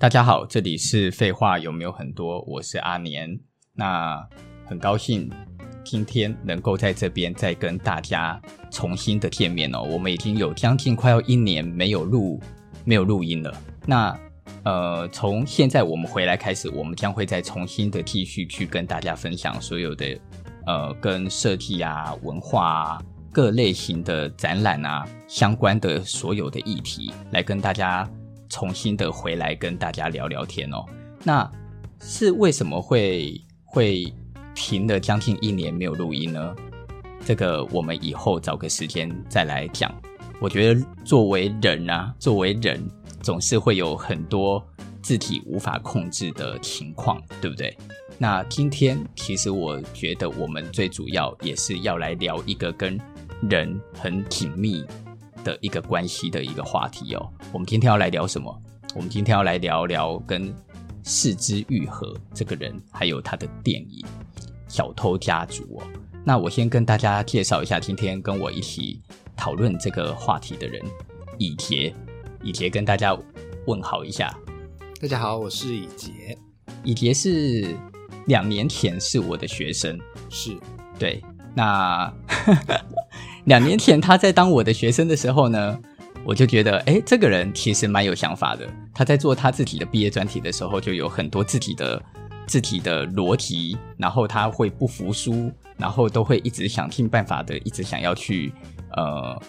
大家好，這裡是廢話有沒有很多？我是阿年，那很高興今天能夠在這邊再跟大家重新的見面哦。我們已經有將近快要一年沒有錄沒有錄音了，那呃，從現在我們回來開始，我們將會再重新的繼續去跟大家分享所有的呃跟設計啊、文化啊、各類型的展覽啊相關的所有的議題，來跟大家。重新的回來跟大家聊聊天哦，那是為什麼會會停了將近一年沒有錄音呢？這個我們以後找個時間再來講。我覺得作為人啊，作為人總是會有很多自己無法控制的情況，對不對？那今天其實我覺得我們最主要也是要來聊一個跟人很緊密。的一個關係的一個話題哦，我們今天要來聊什麼？我們今天要來聊聊跟是枝裕和這個人，還有他的電影《小偷家族》哦。那我先跟大家介紹一下今天跟我一起討論這個話題的人，以杰，以杰跟大家問好一下。大家好，我是以杰，以杰是兩年前是我的學生，是對，那。 兩年前，他在當我的學生的時候呢，我就覺得，誒，這個人其實蠻有想法的。他在做他自己的畢業專題的時候，就有很多自己的自己的邏輯，然後他會不服輸，然後都會一直想盡辦法的，一直想要去呃，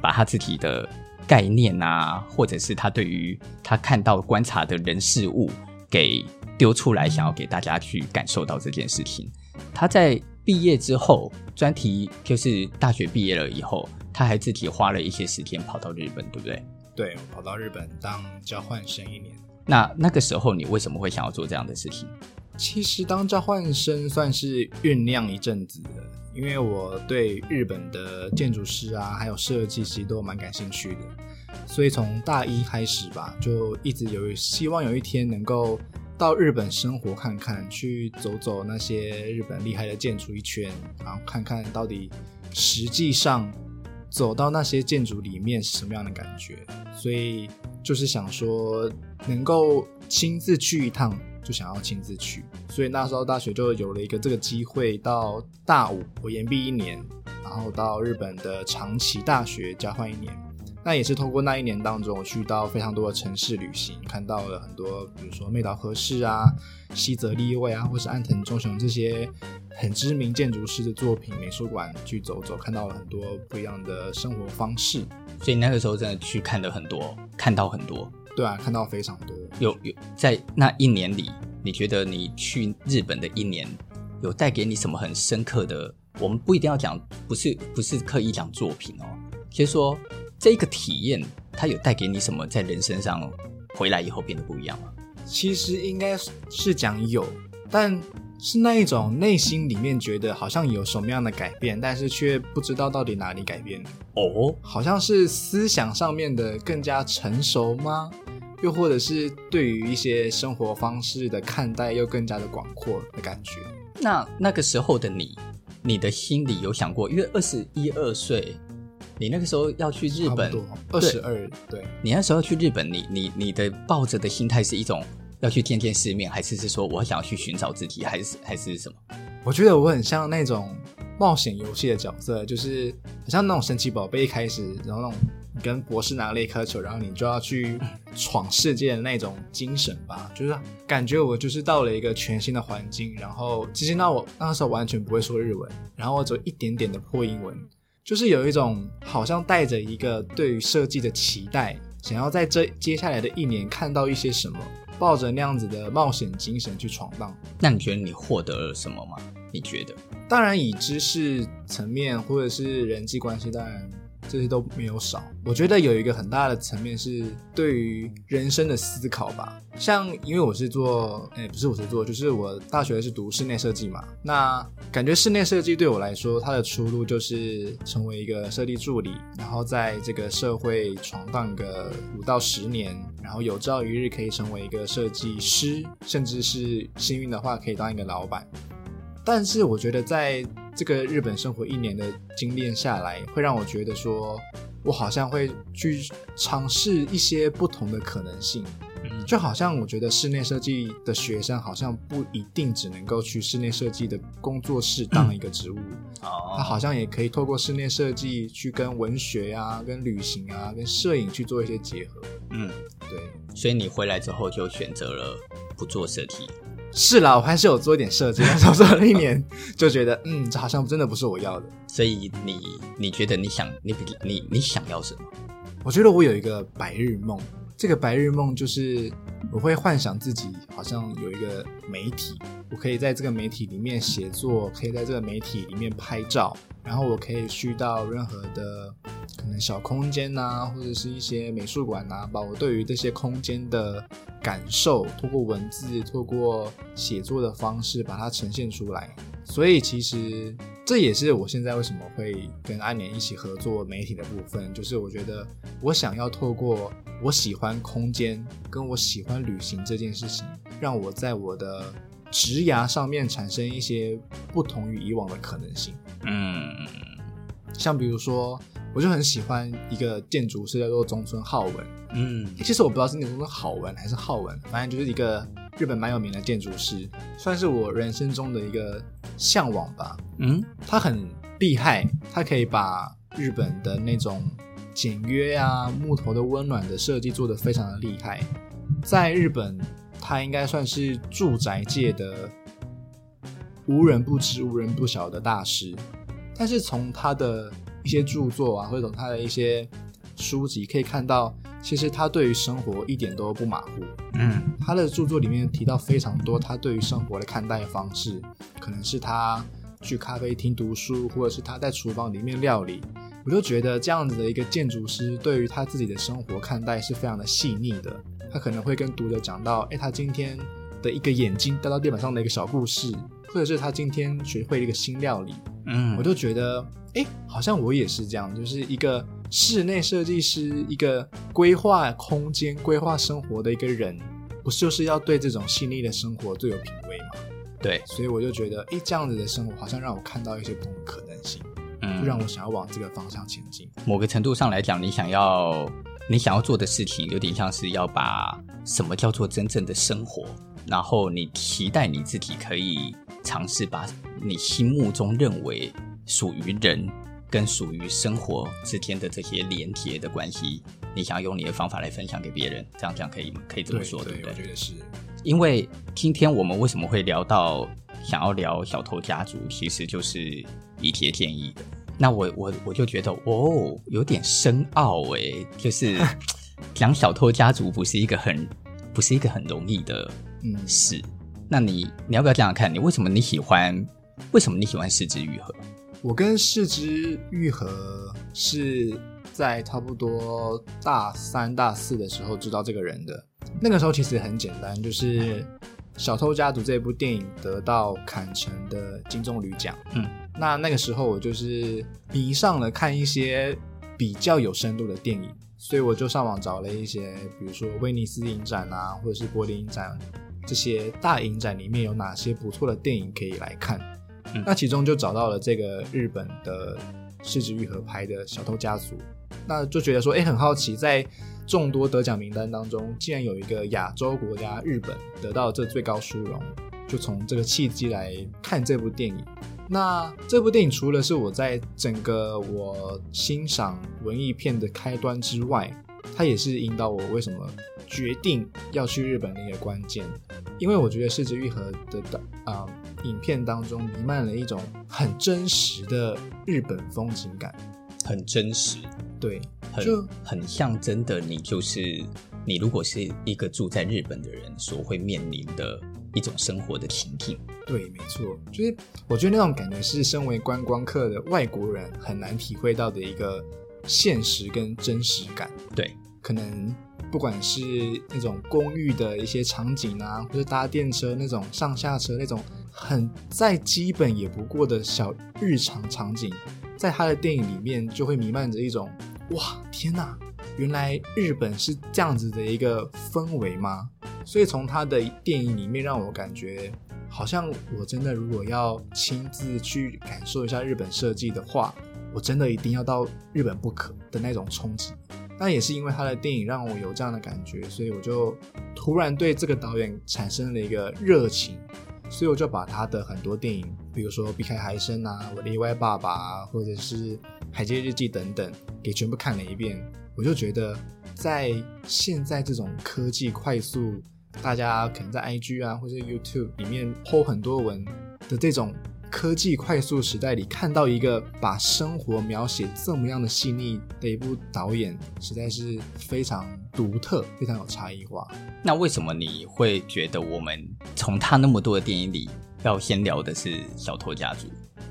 把他自己的概念啊，或者是他對於他看到觀察的人事物給丟出來，想要給大家去感受到這件事情。他在。畢業之後，專題就是大學畢業了以後，他還自己花了一些時間跑到日本，對不對？對，我跑到日本當交換生一年。那那個時候你為什麼會想要做這樣的事情？其實當交換生算是醞釀一陣子的，因為我對日本的建築師啊，還有設計其實都蠻感興趣的，所以從大一開始吧，就一直有希望有一天能夠。到日本生活看看，去走走那些日本厲害的建築一圈，然後看看到底實際上走到那些建築裡面是什麼樣的感覺。所以就是想說能夠親自去一趟，就想要親自去。所以那時候大學就有了一個這個機會，到大五我延畢一年，然後到日本的長崎大學交換一年。那也是通過那一年當中，我去到非常多的城市旅行，看到了很多，比如說妹島和世啊、西澤立衛啊，或是安藤忠雄這些很知名建築師的作品美術館去走走，看到了很多不一樣的生活方式。所以那個時候真的去看了很多，看到很多。對啊，看到非常多有。有有在那一年裡，你覺得你去日本的一年，有帶給你什麼很深刻的？我們不一定要講，不是不是刻意講作品哦，先、就是、說。這個體驗，它有帶給你什麼？在人身上回來以後變得不一樣嗎？其實應該是講有，但是那一種內心裡面覺得好像有什麼樣的改變，但是卻不知道到底哪裡改變。哦，Oh? 好像是思想上面的更加成熟嗎？又或者是對於一些生活方式的看待又更加的廣闊的感覺？那那個時候的你，你的心裡有想過？因為二十一二歲。你那個時候要去日本，二十二，22, 對，對，你那時候要去日本，你你你的抱着的心態是一種要去見見世面，還是是說我想要去尋找自己，還是還是什麼？我覺得我很像那種冒險遊戲的角色，就是很像那種神奇寶貝，一開始然後那種跟博士拿了一顆球，然後你就要去闖世界的那種精神吧。就是感覺我就是到了一個全新的環境，然後其實那我那個時候我完全不會說日文，然後我只有一點點的破英文。就是有一種好像帶着一個對於設計的期待，想要在這接下來的一年看到一些什麼，抱着那樣子的冒險精神去闖蕩。那你覺得你獲得了什麼嗎？你覺得？當然，以知識層面或者是人際關係當然。這些都沒有少，我覺得有一個很大的層面是對於人生的思考吧。像因為我是做，誒、欸、不是我是做，就是我大學是讀室內設計嘛。那感覺室內設計對我來說，它的出路就是成為一個設計助理，然後在這個社會闖蕩個五到十年，然後有朝一日可以成為一個設計師，甚至是幸運的話可以當一個老闆。但是我覺得在這個日本生活一年的經驗下來，會讓我覺得說，我好像會去嘗試一些不同的可能性。嗯，就好像我覺得室內設計的學生好像不一定只能夠去室內設計的工作室當一個職務，嗯、他好像也可以透過室內設計去跟文學啊、跟旅行啊、跟攝影去做一些結合。嗯，對。所以你回來之後就選擇了不做設計。是啦，我還是有做一點設計，然後做了一年， 就覺得嗯，這好像真的不是我要的。所以你你覺得你想你比你你想要什麼？我覺得我有一個白日夢。這個白日夢就是我會幻想自己好像有一個媒體，我可以在這個媒體裡面寫作，可以在這個媒體裡面拍照，然後我可以去到任何的可能小空間吶、啊，或者是一些美術館吶、啊，把我對於這些空間的感受，透過文字、透過寫作的方式把它呈現出來。所以其實。這也是我現在為什麼會跟安眠一起合作媒體的部分，就是我覺得我想要透過我喜歡空間跟我喜歡旅行這件事情，讓我在我的職涯上面產生一些不同於以往的可能性。嗯，像比如說，我就很喜歡一個建築師叫做中村浩文。嗯，其實我不知道是那個中村好文還是浩文，反正就是一個。日本蠻有名的建築師，算是我人生中的一個嚮往吧。嗯，他很厲害，他可以把日本的那種簡約啊、木頭的溫暖的設計做得非常的厲害。在日本，他應該算是住宅界的無人不知、無人不曉的大師。但是從他的一些著作啊，或者從他的一些書籍可以看到。其實他對於生活一點都不馬虎，嗯，他的著作裡面提到非常多他對於生活的看待方式，可能是他去咖啡廳讀書，或者是他在廚房裡面料理，我就覺得這樣子的一個建築師對於他自己的生活看待是非常的細膩的。他可能會跟讀者講到，哎，他今天的一個眼睛掉到地板上的一個小故事，或者是他今天學會了一個新料理，嗯，我就覺得，哎，好像我也是這樣，就是一個。室內設計師，一個規劃空間、規劃生活的一個人，不就是要對這種細膩的生活最有品味嗎？對，所以我就覺得，誒，這樣子的生活好像讓我看到一些不同的可能性，嗯、就讓我想要往這個方向前進。某個程度上來講，你想要你想要做的事情，有點像是要把什麼叫做真正的生活，然後你期待你自己可以嘗試把你心目中認為屬於人。跟屬於生活之間的這些連接的關係，你想要用你的方法來分享給別人，這樣講可以可以這麼說對，對不對，對？我覺得是，因為今天我們為什麼會聊到想要聊小偷家族，其實就是一些建議的。那我我我就覺得哦，有點深奧哎，就是、啊、講小偷家族不是一個很不是一個很容易的事。嗯、那你你要不要這樣看你為什麼你喜歡為什麼你喜歡是枝裕和？我跟是枝裕和是在差不多大三、大四的時候知道這個人的。那個時候其實很簡單，就是《小偷家族》這部電影得到坎城的金棕櫚獎。嗯，那那個時候我就是迷上了看一些比較有深度的電影，所以我就上網找了一些，比如說威尼斯影展啊，或者是柏林影展啊，這些大影展裡面有哪些不錯的電影可以來看。嗯、那其中就找到了這個日本的是枝裕和拍的《小偷家族》，那就覺得說，哎、欸，很好奇，在眾多得獎名單當中，竟然有一個亞洲國家日本得到了這最高殊榮，就從這個契機來看這部電影。那這部電影除了是我在整個我欣賞文藝片的開端之外，它也是引導我為什麼。決定要去日本的一個關鍵，因為我覺得《是枝裕和》的、呃、啊影片當中瀰漫了一種很真實的日本風情感，很真實，對，很就很像真的。你就是你，如果是一個住在日本的人所會面臨的一種生活的情景。對，沒錯，就是我覺得那種感覺是身為觀光客的外國人很難體會到的一個現實跟真實感。對，可能。不管是那種公寓的一些場景啊，或者搭電車那種上下車那種很再基本也不過的小日常場景，在他的電影裡面就會瀰漫着一種哇天哪，原來日本是這樣子的一個氛圍嗎？所以從他的電影裡面讓我感覺，好像我真的如果要親自去感受一下日本設計的話，我真的一定要到日本不可的那種衝擊。但也是因為他的電影讓我有這樣的感覺，所以我就突然對這個導演產生了一個熱情，所以我就把他的很多電影，比如說《比海還深》啊，《我的意外爸爸》啊，或者是《海街日記》等等，給全部看了一遍。我就覺得，在現在這種科技快速，大家可能在 IG 啊或者 YouTube 裡面 po 很多文的這種。科技快速時代裡，看到一個把生活描寫這麼樣的細膩的一部導演，實在是非常獨特，非常有差異化。那為什麼你會覺得我們從他那麼多的電影裡，要先聊的是小偷家族，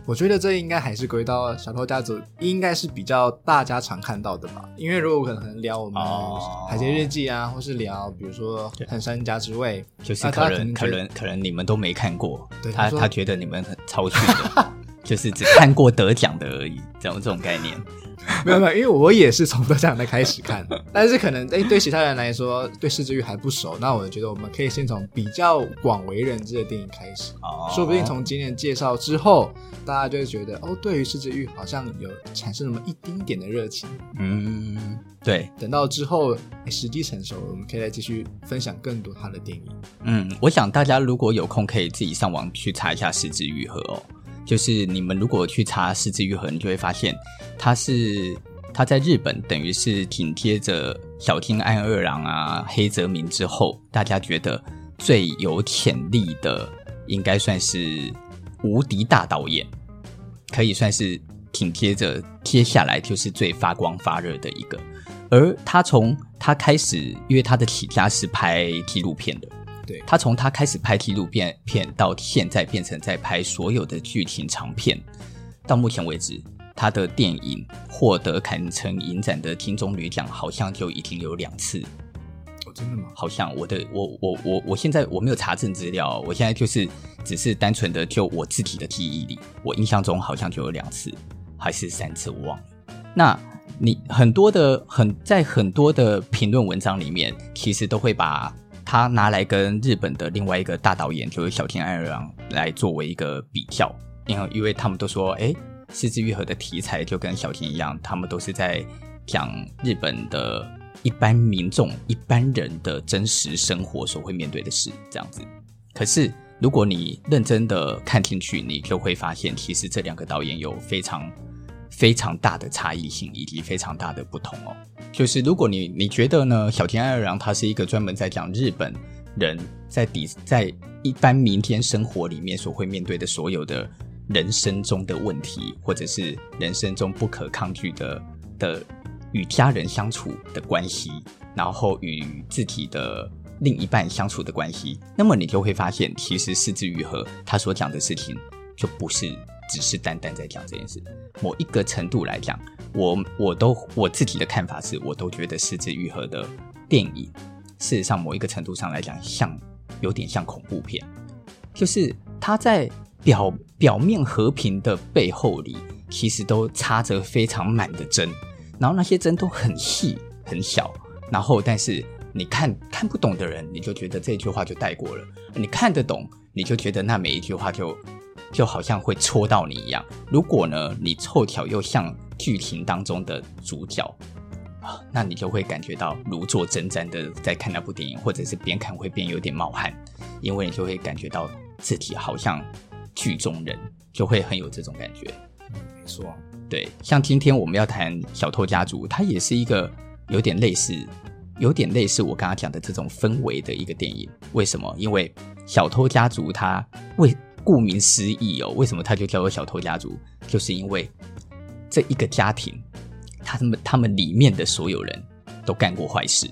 我覺得這應該還是歸到小偷家族，應該是比較大家常看到的吧。因為如果可能聊我們海街日記啊，哦、或是聊比如說《橫山家之味》，就是可能、啊、可能可能你們都沒看過，對他他，說他覺得你們很超遜。 就是只看過得獎的而已，種這，這種概念。 沒有沒有，因為我也是從《都江的開始看， 但是可能對對其他人來說，對是枝裕還不熟。那我覺得我們可以先從比較廣為人知的電影開始，哦、說不定從今天的介紹之後，大家就會覺得哦，對於是枝裕好像有產生了那麼一丁點、點的熱情。嗯，嗯對。等到之後時機成熟，我們可以再繼續分享更多他的電影。嗯，我想大家如果有空，可以自己上網去查一下是枝裕和哦。就是你們如果去查是枝裕和，你就會發現他是，他在日本，等於是緊貼着小津安二郎啊、黑澤明之後，大家覺得最有潛力的，應該算是無敵大導演，可以算是緊貼着接下來就是最發光發熱的一個。而他從他開始，因為他的起家是拍紀錄片的。對，他從他開始拍紀錄片片到現在變成在拍所有的劇情長片，到目前為止，他的電影獲得坎城影展的金棕櫚獎，好像就已經有兩次。哦，真的嗎？好像我的我我我我現在我沒有查證資料，我現在就是只是單純的就我自己的記憶裡，我印象中好像就有兩次，還是三次，我忘了。那你很多的很在很多的評論文章裡面，其實都會把。他拿來跟日本的另外一個大導演，就是小津安二郎，來作為一個比較，因為因為他們都說，哎，是枝裕和的題材就跟小津一樣，他們都是在講日本的一般民眾、一般人的真實生活所會面對的事，這樣子。可是，如果你認真的看進去，你就會發現，其實這兩個導演有非常。非常大的差異性以及非常大的不同哦，就是如果你你覺得呢，小津安二郎他是一個專門在講日本人在底在一般民間生活裡面所會面對的所有的人生中的問題，或者是人生中不可抗拒的的與家人相處的關係，然後與自己的另一半相處的關係，那麼你就會發現，其實是枝裕和他所講的事情就不是。只是單單在講這件事，某一個程度來講，我我都我自己的看法是，我都覺得是枝裕和的電影，事實上，某一個程度上來講，像有點像恐怖片，就是它在表表面和平的背後里，其實都插着非常滿的針，然後那些針都很細很小，然後但是你看看不懂的人，你就覺得這句話就帶過了，你看得懂，你就覺得那每一句話就。就好像會戳到你一樣。如果呢，你湊巧又像劇情當中的主角啊，那你就會感覺到如坐針氈的在看那部電影，或者是邊看會邊有點冒汗，因為你就會感覺到自己好像劇中人，就會很有這種感覺。嗯、沒錯，對，像今天我們要談《小偷家族》，它也是一個有點類似、有點類似我剛剛講的這種氛圍的一個電影。為什麼？因為《小偷家族》它為顧名思義哦，為什麼他就叫做小偷家族？就是因為這一個家庭，他們他們裡面的所有人都幹過壞事，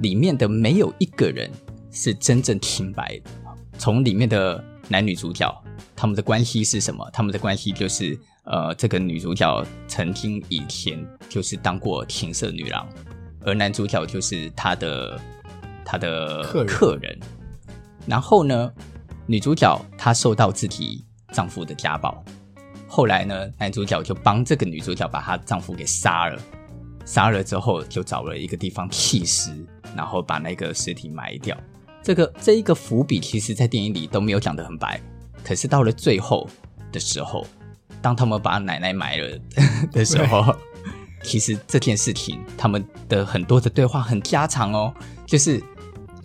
裡面的沒有一個人是真正清白的。從裡面的男女主角，他們的關係是什麼？他們的關係就是，呃，這個女主角曾經以前就是當過情色女郎，而男主角就是他的他的客人。客人然後呢？女主角她受到自己丈夫的家暴，後來呢，男主角就幫這個女主角把她丈夫給殺了。殺了之後，就找了一個地方棄屍，然後把那個屍體埋掉。這個這一個伏筆，其實在電影裡都沒有講得很白，可是到了最後的時候，當他們把奶奶埋了的時候，對其實這件事情他們的很多的對話很家常哦，就是。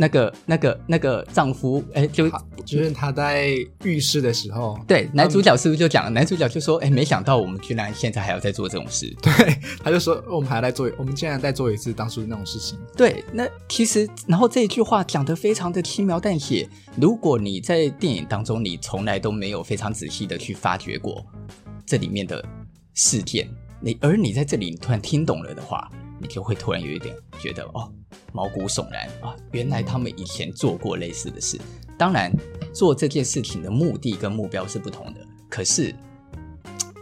那個、那個、那個丈夫，哎，就就是他，他在浴室的時候，嗯、對，男主角是不是就講了？他們男主角就說：“哎，沒想到我們居然現在還要再做這種事。”對，他就說：“我們還要再做，我們竟然再做一次當初那種事情。”對，那其實，然後這一句話講得非常的輕描淡寫。如果你在電影當中，你從來都沒有非常仔細的去發掘過這裡面的事件，你而你在這裡你突然聽懂了的話。你就會突然有一點覺得哦，毛骨悚然啊，哦！原來他們以前做過類似的事，當然做這件事情的目的跟目標是不同的。可是，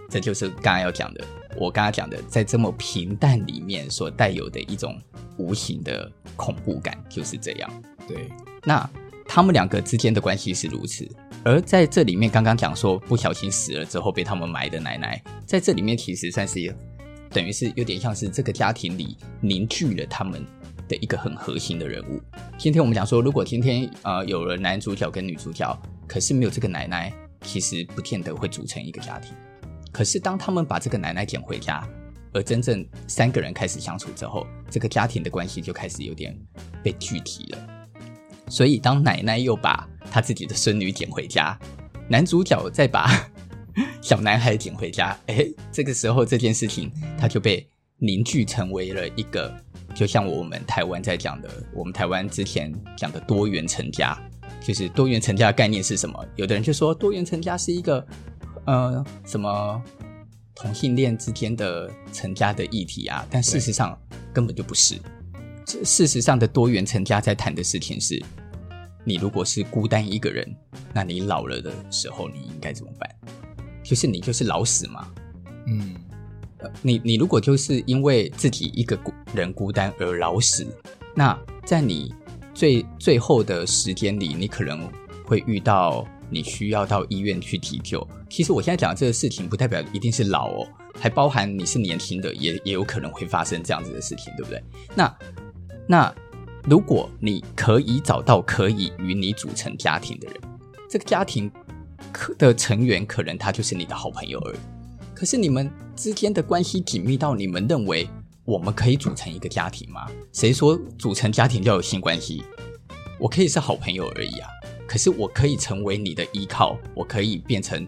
這就是剛剛要講的，我剛剛講的，在這麼平淡裡面所帶有的一種無形的恐怖感，就是這樣。對，那他們兩個之間的關係是如此，而在這裡面剛剛講說不小心死了之後被他們埋的奶奶，在這裡面其實算是等於是有點像是這個家庭裡凝聚了他們的一個很核心的人物。今天我們講說，如果今天呃有了男主角跟女主角，可是沒有這個奶奶，其實不見得會組成一個家庭。可是當他們把這個奶奶撿回家，而真正三個人開始相處之後，這個家庭的關係就開始有點被具體了。所以當奶奶又把她自己的孫女撿回家，男主角再把，小男孩撿回家，哎，這個時候這件事情它就被凝聚成為了一個，就像我們台灣在講的，我們台灣之前講的多元成家，就是多元成家的概念是什麼？有的人就說多元成家是一個呃什麼同性戀之間的成家的議題啊，但事實上根本就不是，對事實上的多元成家在談的事情是，你如果是孤單一個人，那你老了的時候你應該怎麼辦？就是你就是老死嘛，嗯，你你如果就是因為自己一個人孤單而老死，那在你最最後的時間裡，你可能會遇到你需要到醫院去急救。其實我現在講的這個事情，不代表一定是老哦，還包含你是年輕的，也也有可能會發生這樣子的事情，對不對？那那如果你可以找到可以與你組成家庭的人，這個家庭。可的成員可能他就是你的好朋友而已，可是你們之間的關係緊密到你們認為我們可以組成一個家庭嗎？誰說組成家庭要有性關係？我可以是好朋友而已啊，可是我可以成為你的依靠，我可以變成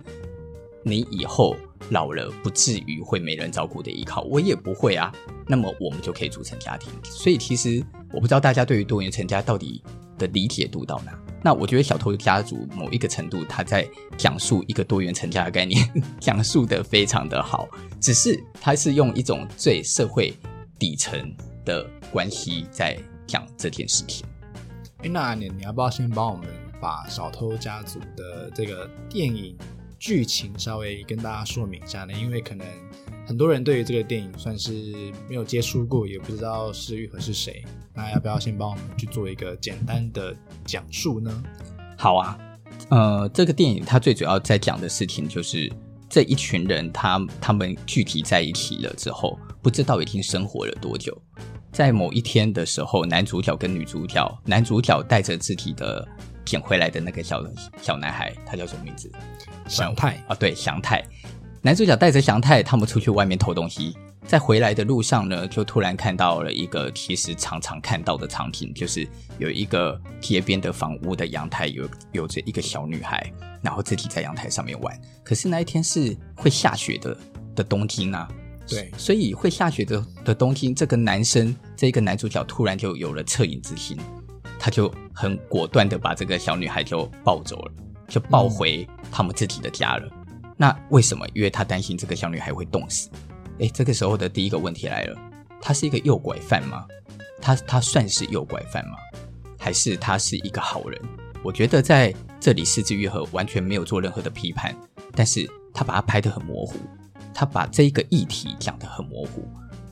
你以後老了不至於會沒人照顧的依靠，我也不會啊。那麼我們就可以組成家庭。所以其實我不知道大家對於多元成家到底的理解度到哪。那我覺得《小偷家族》某一個程度，他在講述一個多元成家的概念，講述得非常的好，只是他是用一種最社會底層的關係在講這件事情。哎、欸，那你你要不要先幫我們把《小偷家族》的這個電影劇情稍微跟大家說明一下呢？因為可能。很多人對於這個電影算是沒有接觸過，也不知道是枝裕和是誰。那要不要先幫我們去做一個簡單的講述呢？好啊，呃，這個電影它最主要在講的事情就是這一群人他他們聚集在一起了之後，不知道已經生活了多久。在某一天的時候，男主角跟女主角，男主角帶着自己的撿回來的那個小小男孩，他叫什麼名字？祥太啊，對，祥太。男主角帶着祥太他們出去外面偷東西，在回來的路上呢，就突然看到了一個其實常常看到的場景，就是有一個街邊的房屋的陽台有有着一個小女孩，然後自己在陽台上面玩。可是那一天是會下雪的的東京啊，對，所以會下雪的的東京，這個男生這個男主角突然就有了惻隱之心，他就很果斷的把這個小女孩就抱走了，就抱回他們自己的家了。嗯。那為什麼？因為他擔心這個小女孩會凍死。誒、欸，這個時候的第一個問題來了：他是一個誘拐犯嗎？他她，她算是誘拐犯嗎？還是他是一個好人？我覺得在這裡，是枝裕和完全沒有做任何的批判，但是他把他拍得很模糊，他把這一個議題講得很模糊。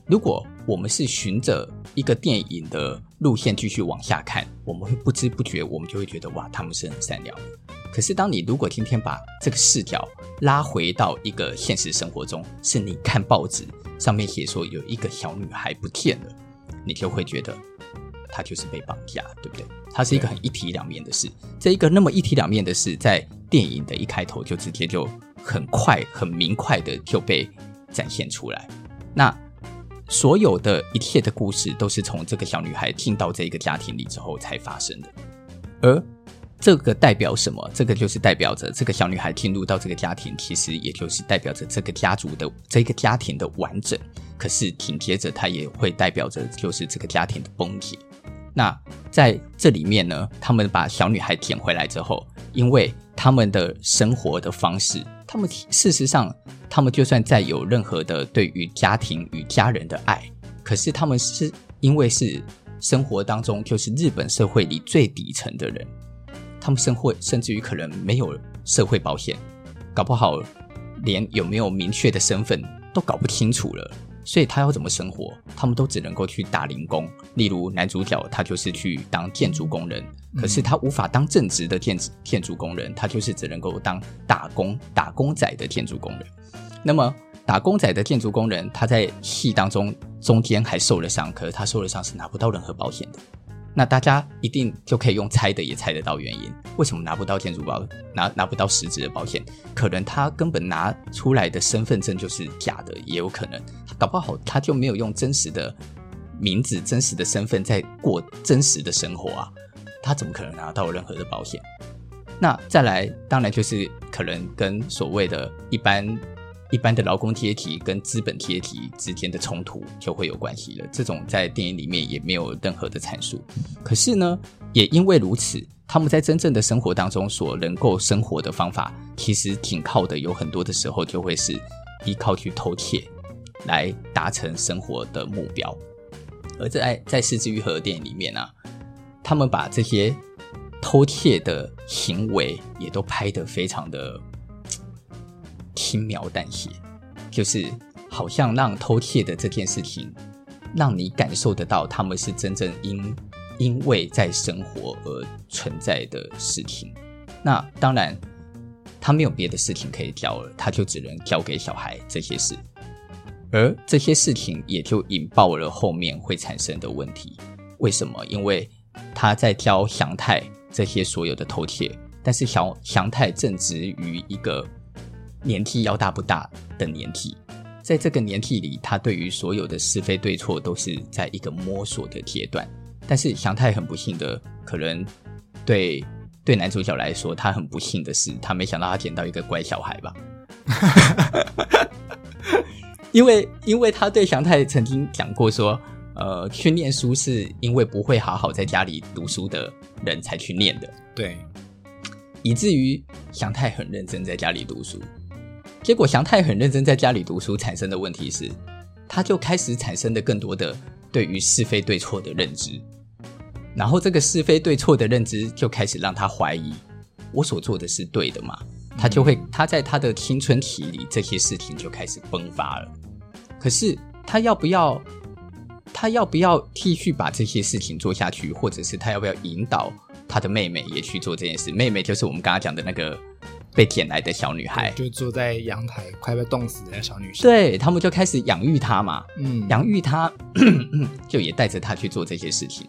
如果我們是循着一個電影的路線繼續往下看，我們會不知不覺，我們就會覺得哇，他們是很善良的。可是，當你如果今天把這個視角拉回到一個現實生活中，是你看報紙上面寫說有一個小女孩不見了，你就會覺得她就是被綁架，對不對？她是一個很一體兩面的事。對這一個那麼一體兩面的事，在電影的一開頭就直接就很快、很明快的就被展現出來。那所有的一切的故事都是從這個小女孩進到這一個家庭裡之後才發生的，而。這個代表什麼？這個就是代表着這個小女孩進入到這個家庭，其實也就是代表着這個家族的這個家庭的完整。可是，緊接着，它也會代表着就是這個家庭的崩解。那在這裡面呢，他們把小女孩撿回來之後，因為他們的生活的方式，他們事實上，他們就算再有任何的對於家庭與家人的愛，可是他們是因為是生活當中就是日本社會裡最底層的人。他們生活甚至於可能沒有社會保險，搞不好連有沒有明確的身份都搞不清楚了。所以他要怎麼生活？他們都只能夠去打零工。例如男主角他就是去當建築工人，可是他無法當正職的建築建築工人，他就是只能夠當打工打工仔的建築工人。那麼打工仔的建築工人，他在戲當中中間還受了傷，可是他受了傷是拿不到任何保險的。那大家一定就可以用猜的也猜得到原因，為什麼拿不到建築保拿拿不到實質的保險？可能他根本拿出來的身份證就是假的，也有可能，搞不好他就沒有用真實的名字、真實的身份在過真實的生活啊，他怎麼可能拿到任何的保險？那再來，當然就是可能跟所謂的一般。一般的勞工階級跟資本階級之間的衝突就會有關係了。這種在電影裡面也沒有任何的闡述。可是呢，也因為如此，他們在真正的生活當中所能夠生活的方法，其實挺靠的有很多的時候就會是依靠去偷竊來達成生活的目標。而在在《是枝裕和》電影裡面呢、啊，他們把這些偷竊的行為也都拍得非常的。輕描淡寫，就是好像讓偷竊的這件事情，讓你感受得到他們是真正因因為在生活而存在的事情。那當然，他沒有別的事情可以教了，他就只能教給小孩這些事，而這些事情也就引爆了後面會產生的問題。為什麼？因為他在教祥太這些所有的偷竊，但是祥祥太正值於一個。年紀要大不大的年紀，在這個年紀裡，他對於所有的是非對錯都是在一個摸索的階段。但是祥太很不幸的，可能對對男主角來說，他很不幸的是，他沒想到他撿到一個乖小孩吧？ 因為因為他對祥太曾經講過說，呃，去念書是因為不會好好在家裡讀書的人才去念的。對，以至於祥太很認真在家裡讀書。結果祥太很認真在家裡讀書，產生的問題是，他就開始產生了更多的對於是非對錯的認知，然後這個是非對錯的認知就開始讓他懷疑我所做的是對的嗎？他就會他在他的青春期裡，這些事情就開始迸發了。可是他要不要？他要不要繼續把這些事情做下去？或者是他要不要引導他的妹妹也去做這件事？妹妹就是我們剛剛講的那個。被撿來的小女孩，就坐在陽台，快被凍死的小女生。對，他們就開始養育她嘛，嗯，養育她就也帶着她去做這些事情。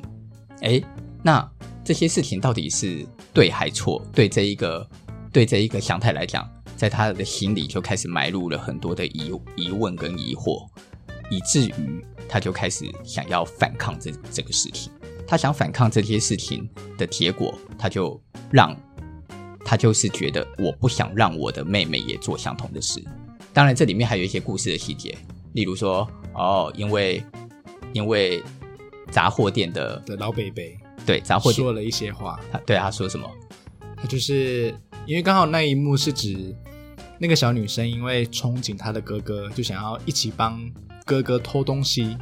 哎，那這些事情到底是對還錯？對這一個，對這一個祥太來講，在他的心裡就開始埋入了很多的疑疑問跟疑惑，以至於他就開始想要反抗這這個事情。他想反抗這些事情的結果，他就讓。他就是覺得我不想讓我的妹妹也做相同的事。當然，這裡面還有一些故事的細節，例如說，哦，因為因為雜貨店的的老伯伯對雜貨店說了一些話，他對他說什麼？他就是因為剛好那一幕是指那個小女生因為憧憬她的哥哥，就想要一起幫哥哥偷東西。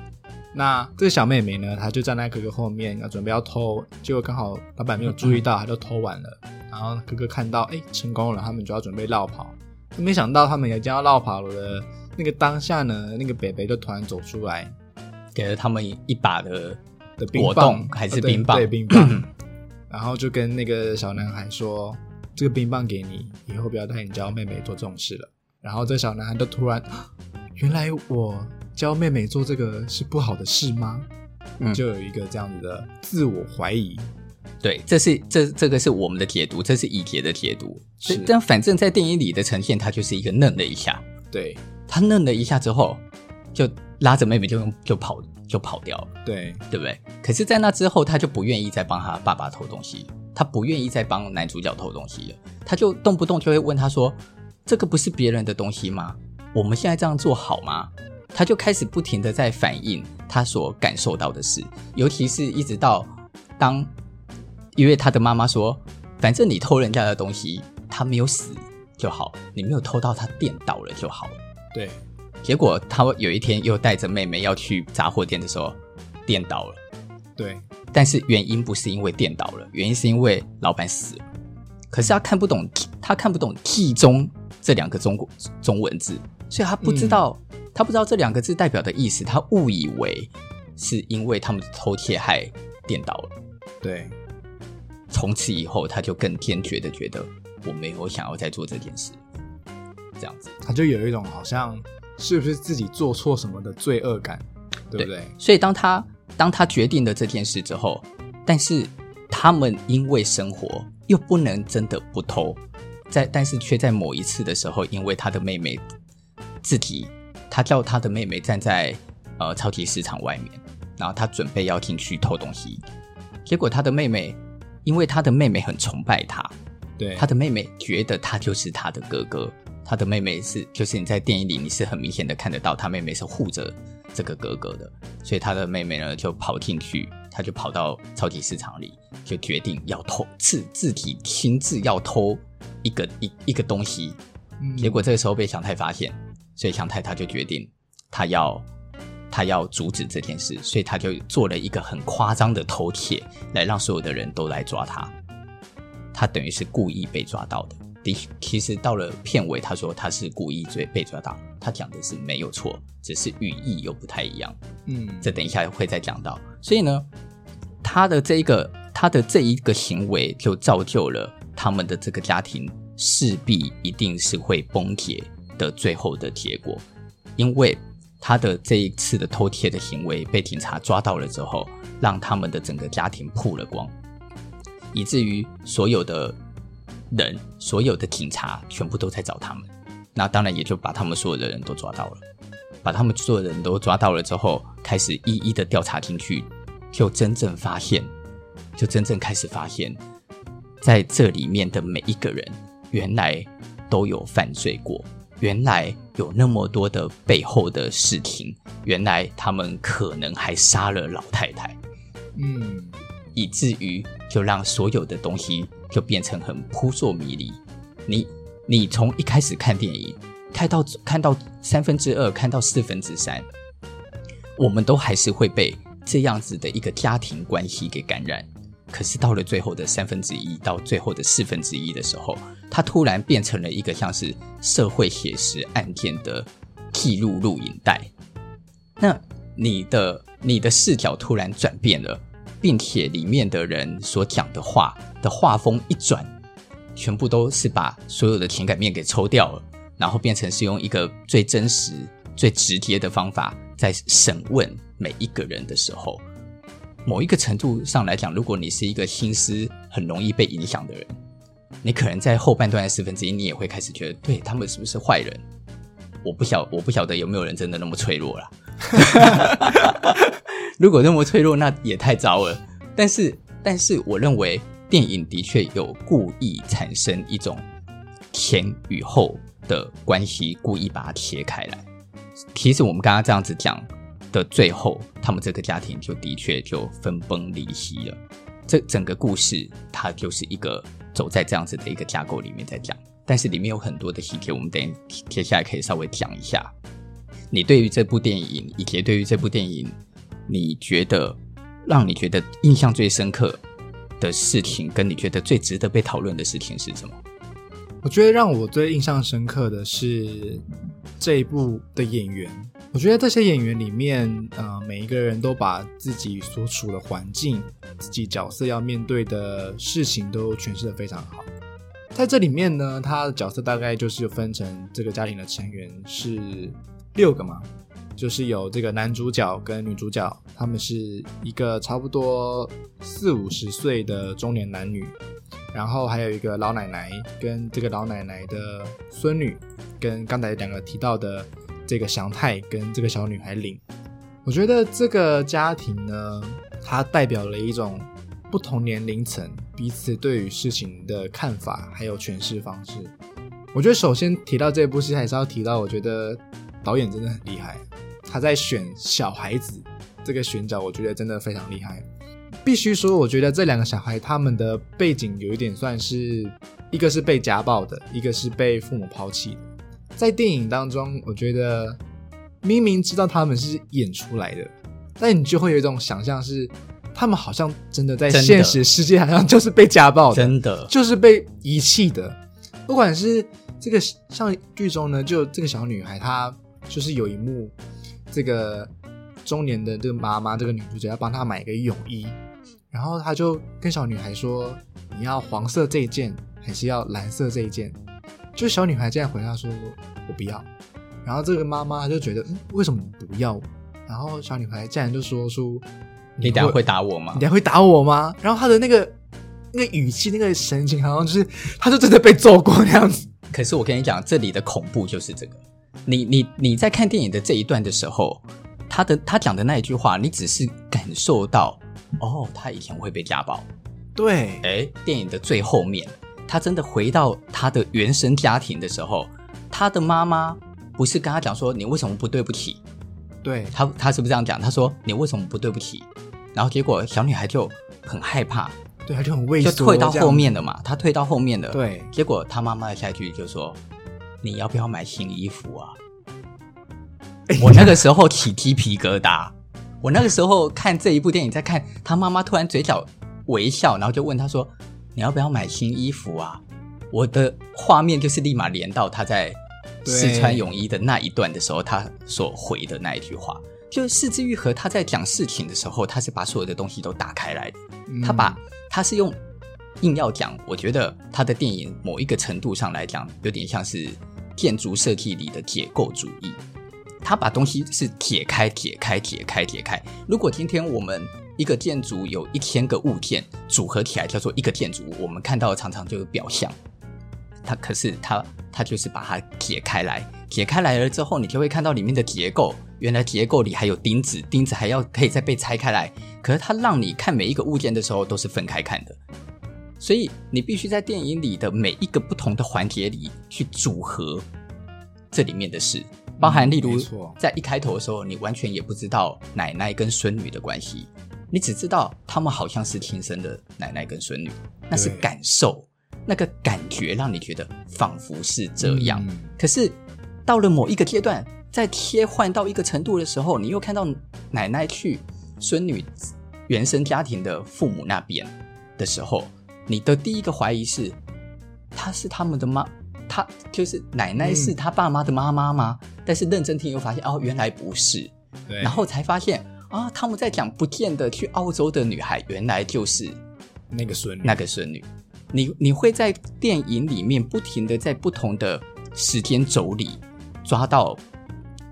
那這個小妹妹呢，她就在那個哥哥後面，要準備要偷，結果剛好老板沒有注意到，嗯、哼她都偷完了。然後哥哥看到，哎、欸，成功了。他們就要準備落跑，沒想到他們已經將要落跑了。那個當下呢，那個北北就突然走出來，給了他們一把的的果凍，還是冰棒？哦、對對冰棒。 然後就跟那個小男孩說：“這個冰棒給你，以後不要帶你教妹妹做這種事了。”然後這小男孩就突然，原來我教妹妹做這個是不好的事嗎？嗯、就有一個這樣子的自我懷疑。對，這是這這個是我們的解讀，這是乙姐的解讀。是，但反正在電影裡的呈現，他就是一個愣了一下，對，他愣了一下之後，就拉着妹妹就就跑就跑掉了。對，對不對？可是，在那之後，他就不願意再幫他爸爸偷東西，他不願意再幫男主角偷東西了。他就動不動就會問他說：“這個不是別人的東西嗎？我們現在這樣做好嗎？”他就開始不停的在反映他所感受到的事，尤其是一直到當。因為他的媽媽說：“反正你偷人家的東西，他沒有死就好，你沒有偷到他電倒了就好。”對。結果他有一天又帶着妹妹要去雜貨店的時候，電倒了。對。但是原因不是因為電倒了，原因是因為老闆死了。可是他看不懂，他看不懂 “T” 中這兩個中國中文字，所以他不知道，嗯、他不知道這兩個字代表的意思，他誤以為是因為他們偷竊害電倒了。對。從此以後，他就更堅決地覺得我沒有想要再做這件事，這樣子，他就有一種好像是不是自己做錯什麼的罪惡感，對不對？對，所以，當他當他決定了這件事之後，但是他們因為生活又不能真的不偷，在但是卻在某一次的時候，因為他的妹妹自己，他叫他的妹妹站在呃超級市場外面，然後他準備要進去偷東西，結果他的妹妹。因為他的妹妹很崇拜他，對，他的妹妹覺得他就是他的哥哥。他的妹妹是，就是你在電影裡你是很明顯的看得到，他妹妹是護着這個哥哥的。所以他的妹妹呢就跑進去，他就跑到超級市場裡，就決定要偷自自己親自要偷一個一一個東西。嗯、結果這個時候被祥太發現，所以祥太他就決定他要。他要阻止這件事，所以他就做了一個很誇張的偷竊，來讓所有的人都來抓他。他等於是故意被抓到的。第，其實到了片尾，他說他是故意追被抓到，他講的是沒有錯，只是寓意又不太一樣。嗯，這等一下會再講到。所以呢，他的這一個，他的這一個行為，就造就了他們的這個家庭勢必一定是會崩解的最後的結果，因為。他的這一次的偷竊的行為被警察抓到了之後，讓他們的整個家庭曝了光，以至於所有的人、所有的警察全部都在找他們。那當然也就把他們所有的人都抓到了，把他們所有的人都抓到了之後，開始一一的調查進去，就真正發現，就真正開始發現，在這裡面的每一個人，原來都有犯罪過。原來有那麼多的背後的事情，原來他們可能還殺了老太太，嗯，以至於就讓所有的東西就變成很撲朔迷離。你你從一開始看電影，看到看到三分之二，看到四分之三，3, 4, 我們都還是會被這樣子的一個家庭關係給感染。可是到了最後的三分之一，到最後的四分之一的時候，它突然變成了一個像是社會寫實案件的記錄錄影帶。那你的你的視角突然轉變了，並且裡面的人所講的話的畫風一轉，全部都是把所有的情感面給抽掉了，然後變成是用一個最真實、最直接的方法在審問每一個人的時候。某一個程度上來講，如果你是一個心思很容易被影響的人，你可能在後半段的四分之一，你也會開始覺得，對他們是不是壞人？我不曉我不曉得有沒有人真的那麼脆弱啦、啊。 如果那麼脆弱，那也太糟了。但是，但是，我認為電影的確有故意產生一種前與後的關係，故意把它切開來。其實，我們剛剛這樣子講，的最後，他們這個家庭就的確就分崩離析了。這整個故事，它就是一個走在這樣子的一個架構裡面在講。但是裡面有很多的細節，我們等一下，接下來可以稍微講一下。你對於這部電影，以及對於這部電影，你覺得讓你覺得印象最深刻的事情，跟你覺得最值得被討論的事情是什麼？我覺得讓我最印象深刻的是這一部的演員。我覺得這些演員裡面，呃，每一個人都把自己所處的環境、自己角色要面對的事情都詮釋得非常好。在這裡面呢，他的角色大概就是分成這個家庭的成員是六個嘛，就是有這個男主角跟女主角，他們是一個差不多四五十歲的中年男女，然後還有一個老奶奶跟這個老奶奶的孫女，跟剛才兩個提到的。這個祥太跟這個小女孩領，我覺得這個家庭呢，它代表了一種不同年齡層彼此對於事情的看法還有詮釋方式。我覺得首先提到這部戲，還是要提到，我覺得導演真的很厲害，他在選小孩子這個選角，我覺得真的非常厲害。必須說，我覺得這兩個小孩他們的背景有一點算是，一個是被家暴的，一個是被父母拋棄的。在電影當中，我覺得明明知道他們是演出來的，但你就會有一種想象，是他們好像真的在現實世界，好像就是被家暴的，真的，真的就是被遺棄的。不管是這個像劇中呢，就這個小女孩，她就是有一幕，這個中年的這個媽媽，這個女主角要幫她買一個泳衣，然後她就跟小女孩說：“你要黃色這一件，還是要藍色這一件？”就是小女孩竟然回答說我：“我不要。”然後這個媽媽就覺得：“嗯，為什麼你不要？”然後小女孩竟然就說出：“出你等一下會，會打我嗎？你還會打我嗎？”然後她的那個那個語氣、那個神情，好像就是她就真的被揍過那樣子。可是我跟你講，這裡的恐怖就是這個。你你你在看電影的這一段的時候，她的她講的那一句話，你只是感受到哦，她以前會被家暴。對。哎，電影的最後面。他真的回到他的原生家庭的時候，他的媽媽不是跟他講說：“你為什麼不對不起？”對。他，他是不是這樣講？他說：“你為什麼不對不起？”然後結果小女孩就很害怕，對，還就很畏懼，就退到後面的嘛。她樣退到後面的，對。結果她媽媽下一句就說：“你要不要買新衣服啊？”欸、我那個時候起雞皮疙瘩。 我那個時候看這一部電影，在看她媽媽突然嘴角微笑，然後就問她說。你要不要買新衣服啊？我的畫面就是立馬連到他在試穿泳衣的那一段的時候，對他所回的那一句話。就是是枝裕和他在講事情的時候，他是把所有的東西都打開來，嗯、他把他是用硬要講。我覺得他的電影某一個程度上來講，有點像是建築設計裡的解構主義。他把東西是解開、解開、解開、解開。如果今天我們一個建築有一千個物件組合起來叫做一個建築，我們看到常常就有表象，它可是它它就是把它解開來，解開來了之後，你就會看到裡面的結構，原來結構裡還有釘子，釘子還要可以再被拆開來，可是它讓你看每一個物件的時候都是分開看的，所以你必須在電影裡的每一個不同的環節裡去組合這裡面的事，包含例如在一開頭的時候，嗯、你完全也不知道奶奶跟孫女的關係。你只知道他們好像是親生的奶奶跟孫女，那是感受，對那個感覺讓你覺得仿佛是這樣。嗯、可是到了某一個階段，在切換到一個程度的時候，你又看到奶奶去孫女原生家庭的父母那邊的時候，你的第一個懷疑是，她是他們的媽，她就是奶奶是他爸媽的媽媽嗎？嗯、但是認真聽又發現哦，原來不是，對然後才發現。啊，他們在講，不見得去澳洲的女孩，原來就是那個孫女，那個孫女。你你會在電影裡面不停的在不同的時間軸裡抓到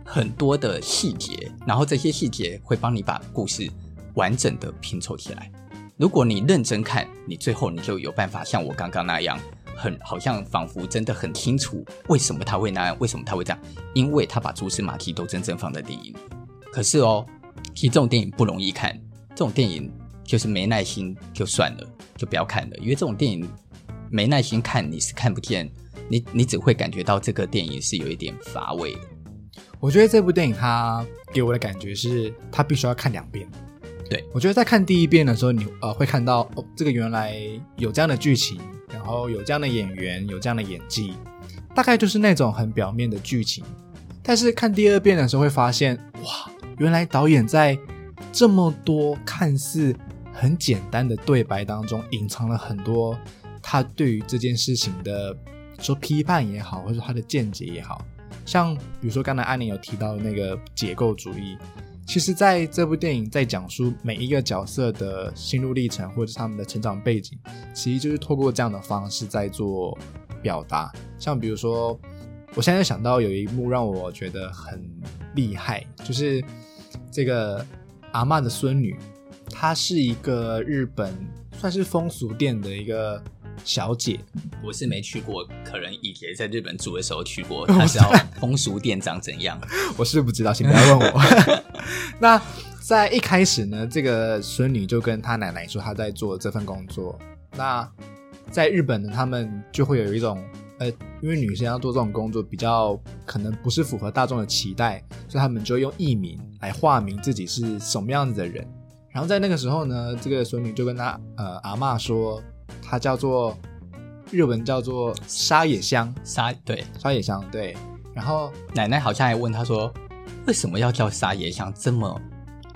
很多的細節，然後這些細節會幫你把故事完整的拼湊起來。如果你認真看，你最後你就有辦法像我剛剛那樣，很好像仿佛真的很清楚為什麼他會那樣，為什麼他會這樣，因為他把蛛絲馬跡都真正放在電影裡。可是哦。其實這種電影不容易看，這種電影就是沒耐心就算了，就不要看了，因為這種電影沒耐心看你是看不見，你你只會感覺到這個電影是有一點乏味的。我覺得這部電影它給我的感覺是，它必須要看兩遍。對，我覺得在看第一遍的時候你，你呃會看到哦，這個原來有這樣的劇情，然後有這樣的演員，有這樣的演技，大概就是那種很表面的劇情。但是看第二遍的時候會發現，哇！原來導演在這麼多看似很簡單的對白當中，隱藏了很多他對於這件事情的說批判也好，或者他的見解也好，像比如說剛才安寧有提到的那個解構主義，其實在這部電影在講述每一個角色的心路歷程或者是他們的成長背景，其實就是透過這樣的方式在做表達。像比如說，我現在想到有一幕讓我覺得很厲害，就是。這個阿媽的孫女，她是一個日本算是風俗店的一個小姐。我是沒去過，可能以前在日本住的時候去過，她知道風俗店長怎樣？我是不知道，請不要問我。 那在一開始呢，這個孫女就跟她奶奶說她在做這份工作。那在日本呢，他們就會有一種。呃，因為女生要做這種工作，比較可能不是符合大眾的期待，所以他們就用藝名來化名自己是什麼樣子的人。然後在那個時候呢，這個孫女就跟他呃阿嬤說，她叫做日文叫做沙野香，沙，對，沙野香，對。然後奶奶好像還問她說，為什麼要叫沙野香這麼？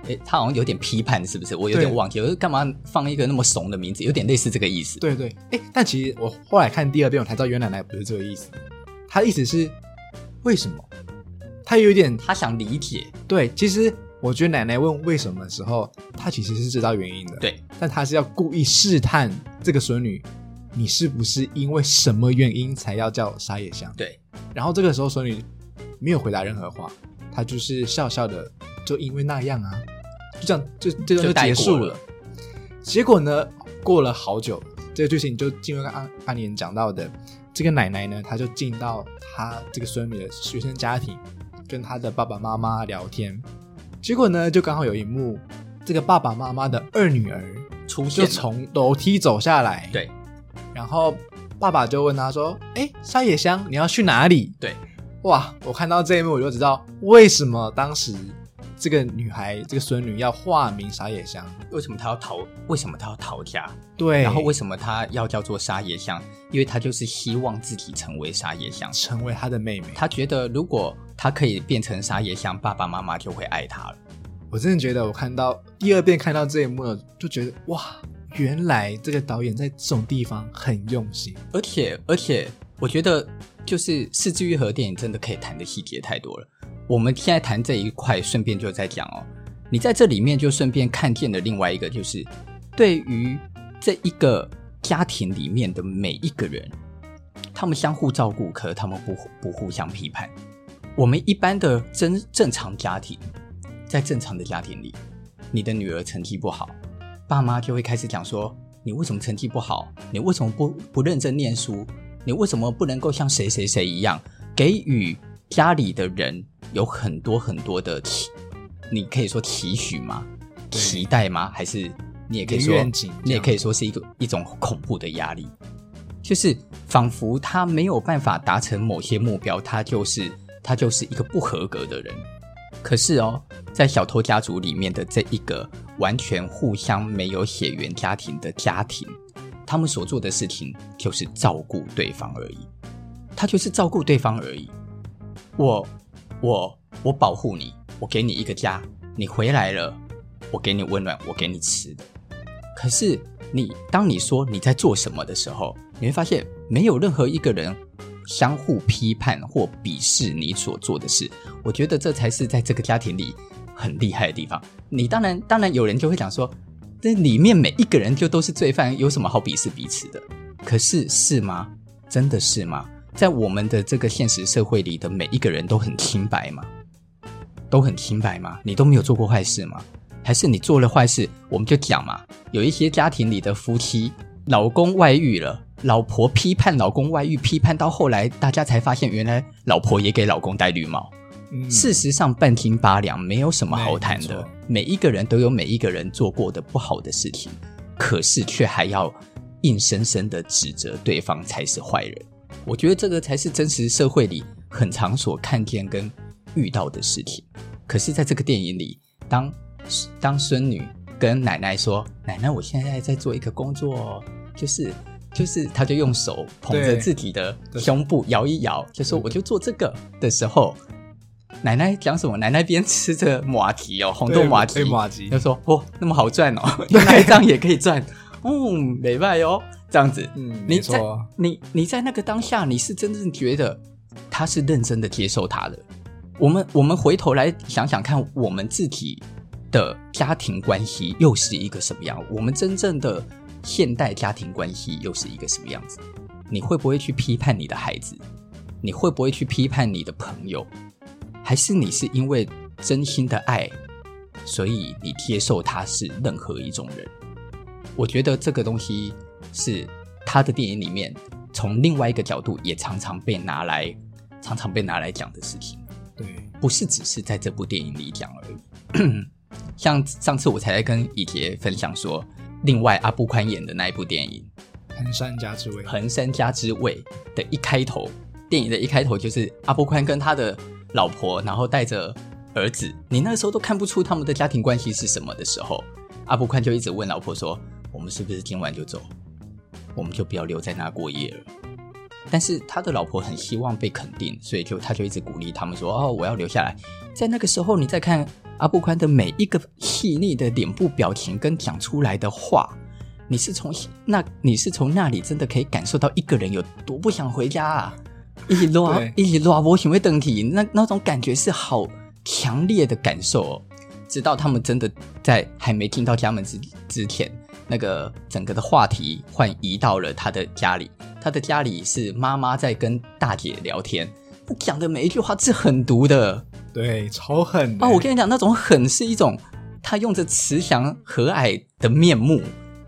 哎，他好像有點批判，是不是？我有點忘記，對我是幹嘛放一個那麼慫的名字，有點類似這個意思。對對，哎，但其實我後來看第二遍，我才知道原奶奶不是這個意思，她的意思是為什麼？她有點，她想理解。對，其實我覺得奶奶問為什麼的時候，她其實是知道原因的。對，但她是要故意試探這個孫女，你是不是因為什麼原因才要叫沙野香？對，然後這個時候孫女沒有回答任何話，她就是笑笑的。就因為那樣啊，就這樣，就就這這段就結束了。了結果呢，過了好久，這個劇情就進入剛剛阿阿年講到的這個奶奶呢，她就進到她這個孫女的學生家庭，跟她的爸爸媽媽聊天。結果呢，就剛好有一幕，這個爸爸媽媽的二女兒出現，就從樓梯走下來。對，然後爸爸就問她說：“哎對、欸，沙野香，你要去哪裡？”對，哇，我看到這一幕，我就知道為什麼當時。這個女孩，這個孫女要化名沙野香，為什麼她要逃？為什麼她要逃家？對，然後為什麼她要叫做沙野香？因為她就是希望自己成為沙野香，成為她的妹妹。她覺得，如果她可以變成沙野香，爸爸媽媽就會愛她了。我真的覺得，我看到第二遍看到這一幕，就覺得哇，原來這個導演在這種地方很用心，而且而且，我覺得就是是枝裕和電影真的可以談的細節太多了。我們現在談這一塊，順便就再講哦。你在這裡面就順便看見了另外一個，就是對於這一個家庭裡面的每一個人，他們相互照顧，可他們不不互相批判。我們一般的真正常家庭，在正常的家庭裡，你的女兒成績不好，爸媽就會開始講說：“你為什麼成績不好？你為什麼不不認真念書？你為什麼不能夠像誰誰誰一樣給予？”家裡的人有很多很多的期，你可以說期許嗎？期待嗎？對還是你也可以說你也可以說是一個一種恐怖的壓力，就是仿佛他沒有辦法達成某些目標，他就是他就是一個不合格的人。可是哦，在小偷家族裡面的這一個完全互相沒有血緣家庭的家庭，他們所做的事情就是照顧對方而已，他就是照顧對方而已。我，我，我保護你，我給你一個家，你回來了，我給你溫暖，我給你吃的。可是你，你當你說你在做什麼的時候，你會發現沒有任何一個人相互批判或鄙視你所做的事。我覺得這才是在這個家庭裡很厲害的地方。你當然，當然有人就會講說，這裡面每一個人就都是罪犯，有什麼好鄙視彼此的？可是，是嗎？真的是嗎？在我們的這個現實社會裡的每一個人都很清白嗎？都很清白嗎？你都沒有做過壞事嗎？還是你做了壞事，我們就講嘛。有一些家庭裡的夫妻，老公外遇了，老婆批判老公外遇，批判到後來，大家才發現原來老婆也給老公戴綠帽。嗯、事實上，半斤八兩，沒有什麼好談的。每一個人都有每一個人做過的不好的事情，可是卻還要硬生生的指責對方才是壞人。我覺得這個才是真實社會裡很常所看見跟遇到的事情。可是，在這個電影裡，當當孫女跟奶奶說：“奶奶，我現在在做一個工作哦，就是就是，她就用手捧着自己的胸部搖一搖，對就說我就做這個的時候，奶奶講什麼？奶奶邊吃着麻糬哦，紅豆麻糬。她說哦，那麼好賺哦，原來這樣也可以賺。”哦，沒賣、嗯、哦，這樣子。嗯，沒錯。你你在那個當下，你是真正覺得他是認真的接受他的。我們我們回頭來想想看，我們自己的家庭關係又是一個什麼樣？我們真正的現代家庭關係又是一個什麼樣子？你會不會去批判你的孩子？你會不會去批判你的朋友？還是你是因為真心的愛，所以你接受他是任何一種人？我覺得這個東西是他的電影裡面從另外一個角度也常常被拿來常常被拿來講的事情。對，不是只是在這部電影裡講而已。 像上次我才在跟以傑分享說，另外阿部寬演的那一部電影《橫山家之味》，《橫山家之味》的一開頭，電影的一開頭就是阿部寬跟他的老婆，然後帶着兒子，你那時候都看不出他們的家庭關係是什麼的時候，阿部寬就一直問老婆說。我們是不是今晚就走？我們就不要留在那過夜了。但是他的老婆很希望被肯定，所以就他就一直鼓勵他們說：“哦，我要留下來。”在那個時候，你再看阿部寬的每一個細膩的臉部表情跟講出來的話，你是從那你是從那裡真的可以感受到一個人有多不想回家啊。一起落，一起落，我情未登提，那那種感覺是好強烈的感受哦。直到他們真的在還沒進到家門之之前。那個整個的話題換移到了他的家裡，他的家裡是媽媽在跟大姐聊天，他講的每一句話是很毒的，對，超狠啊、哦！我跟你講，那種狠是一種他用着慈祥和藹的面目，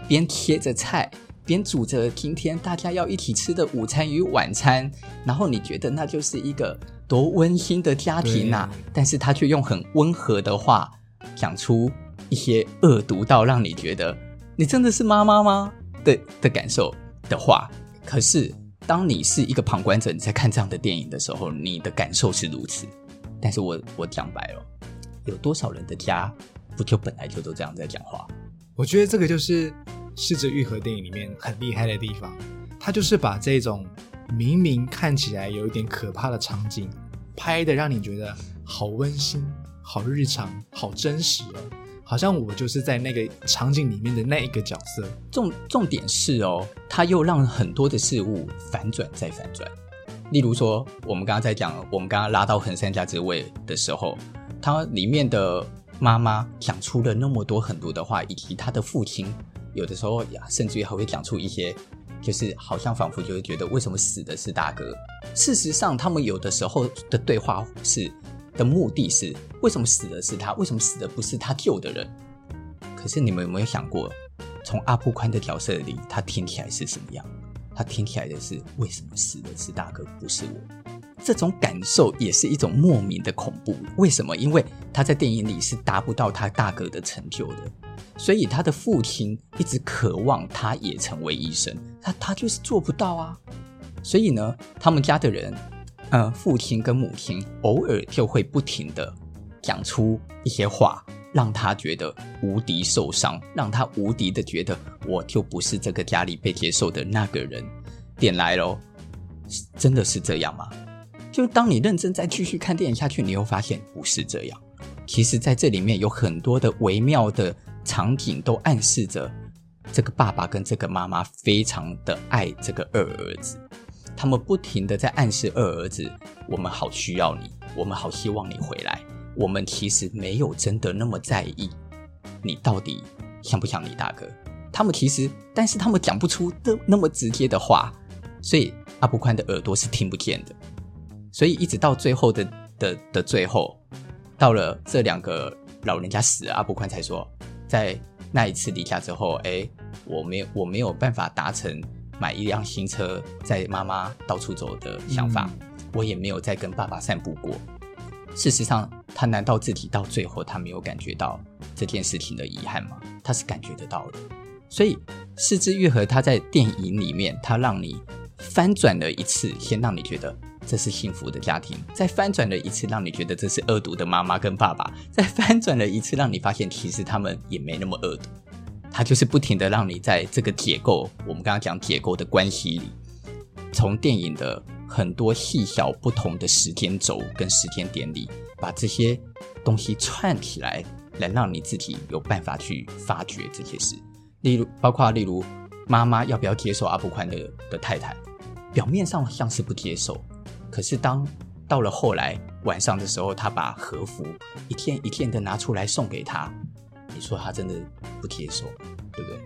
邊切着菜，邊煮着今天大家要一起吃的午餐與晚餐，然後你覺得那就是一個多溫馨的家庭吶、啊，對但是他卻用很溫和的話講出一些惡毒到讓你覺得。你、欸、真的是媽媽嗎？的的感受的話，可是當你是一個旁觀者，你在看這樣的電影的時候，你的感受是如此。但是我我講白了，有多少人的家，不就本來就都這樣在講話？我覺得這個就是是枝裕和電影裡面很厲害的地方，它就是把這種明明看起來有一點可怕的場景，拍得讓你覺得好溫馨、好日常、好真實、哦。好像我就是在那個場景裡面的那一個角色。重重點是哦，他又讓很多的事物反轉再反轉。例如說，我們剛剛在講，我們剛剛拉到橫山家之味的時候，他裡面的媽媽講出了那麼多很多的話，以及他的父親有的時候呀，甚至於還會講出一些，就是好像仿佛就是覺得為什麼死的是大哥？事實上，他們有的時候的對話是。的目的是為什麼死的是他？為什麼死的不是他救的人？可是你們有沒有想過，從阿部寬的角色裡，他聽起來是什麼樣？他聽起來的是為什麼死的是大哥，不是我？這種感受也是一種莫名的恐怖。為什麼？因為他在電影裡是達不到他大哥的成就的，所以他的父親一直渴望他也成為醫生，他他就是做不到啊。所以呢，他們家的人。呃，父親跟母親偶爾就會不停的講出一些話，讓他覺得無敵受傷，讓他無敵的覺得我就不是這個家裡被接受的那個人。點來嘍，真的是這樣嗎？就當你認真再繼續看電影下去，你又發現不是這樣。其實，在這裡面有很多的微妙的場景都暗示着這個爸爸跟這個媽媽非常的愛這個二兒子。他們不停的在暗示二兒子，我們好需要你，我們好希望你回來，我們其實沒有真的那麼在意你到底像不像你大哥。他們其實，但是他們講不出那那麼直接的話，所以阿部寬的耳朵是聽不見的。所以一直到最後的的的最後，到了這兩個老人家死，阿部寬才說，在那一次離家之後，誒，我沒我沒有辦法達成，買一輛新車，在媽媽到處走的想法，嗯、我也沒有再跟爸爸散步過。事實上，他難道自己到最後他沒有感覺到這件事情的遺憾嗎？他是感覺得到的。所以，是枝裕和，他在電影裡面，他讓你翻轉了一次，先讓你覺得這是幸福的家庭；再翻轉了一次，讓你覺得這是惡毒的媽媽跟爸爸；再翻轉了一次，讓你發現其實他們也沒那麼惡毒。他就是不停的讓你在這個解構，我們剛剛講解構的關係裡，從電影的很多細小不同的時間軸跟時間點裡，把這些東西串起來，來讓你自己有辦法去發掘這些事。例如，包括例如媽媽要不要接受阿部寬的的太太，表面上像是不接受，可是當到了後來晚上的時候，他把和服一件一件的拿出來送給她。說他真的不接受，對不對？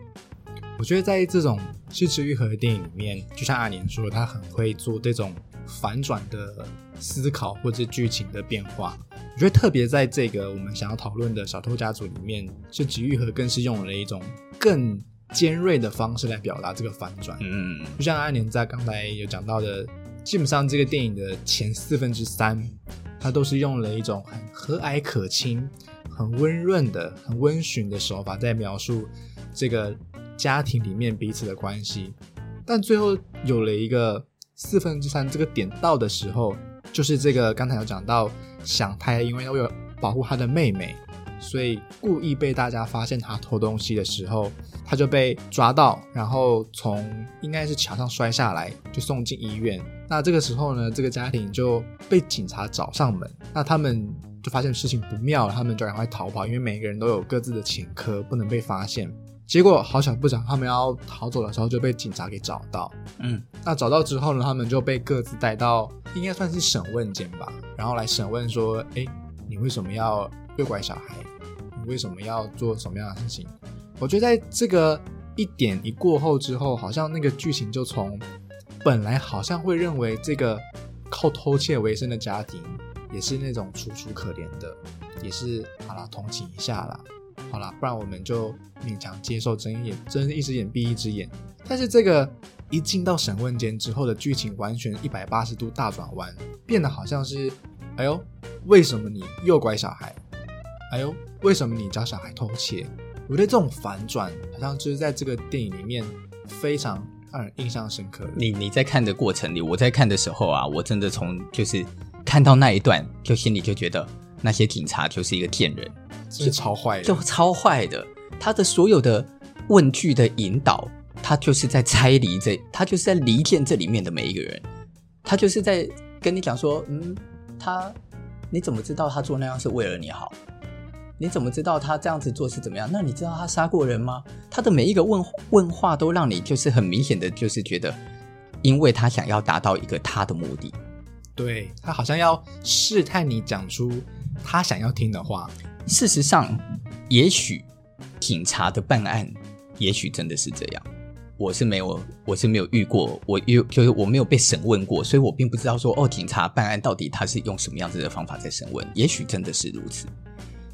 我覺得在這種是枝裕和的電影裡面，就像阿年說的，他很會做這種反轉的思考或者劇情的變化。我覺得特別在這個我們想要討論的《小偷家族》裡面，是枝裕和更是用了一種更尖銳的方式來表達這個反轉。嗯，就像阿年在剛才有講到的，基本上這個電影的前四分之三，他都是用了一種很和藹可親。很溫潤的、很溫馴的手法在描述這個家庭裡面彼此的關係，但最後有了一個四分之三這個點到的時候，就是這個剛才有講到，祥太因為要為保護他的妹妹，所以故意被大家發現他偷東西的時候，他就被抓到，然後從應該是牆上摔下來，就送進醫院。那這個時候呢，這個家庭就被警察找上門，那他們。就發現事情不妙了，他們就趕快逃跑，因為每個人都有各自的前科，不能被發現。結果好巧不巧，他們要逃走的時候就被警察給找到。嗯，那找到之後呢，他們就被各自帶到，應該算是審問間吧，然後來審問說：“哎，你為什麼要誘拐小孩？你為什麼要做什麼樣的事情？”我覺得在這個一點一過後之後，好像那個劇情就從本來好像會認為這個靠偷竊為生的家庭。也是那種楚楚可憐的，也是好了，同情一下啦，好啦，不然我們就勉強接受睜一眼睜一只眼閉一只眼。但是這個一進到審問間之後的劇情，完全一百八十度大轉彎，變得好像是，哎呦，為什麼你誘拐小孩？哎呦，為什麼你教小孩偷竊？我覺得這種反轉，好像就是在這個電影裡面非常讓人印象深刻。你你在看的過程裡，我在看的時候啊，我真的從就是。看到那一段，就心裡就覺得那些警察就是一個賤人，是超壞的，就超壞的。他的所有的問句的引導，他就是在拆離這，他就是在離間這裡面的每一個人，他就是在跟你講說，嗯，他，你怎麼知道他做那樣是為了你好？你怎麼知道他這樣子做是怎麼樣？那你知道他殺過人嗎？他的每一個問問話都讓你就是很明顯的就是覺得，因為他想要達到一個他的目的。對，他好像要試探你講出他想要聽的話。事實上，也許警察的辦案，也許真的是這樣。我是沒有，我是沒有遇過，我有，就是我沒有被審問過，所以我並不知道說哦，警察辦案到底他是用什麼樣子的方法在審問。也許真的是如此，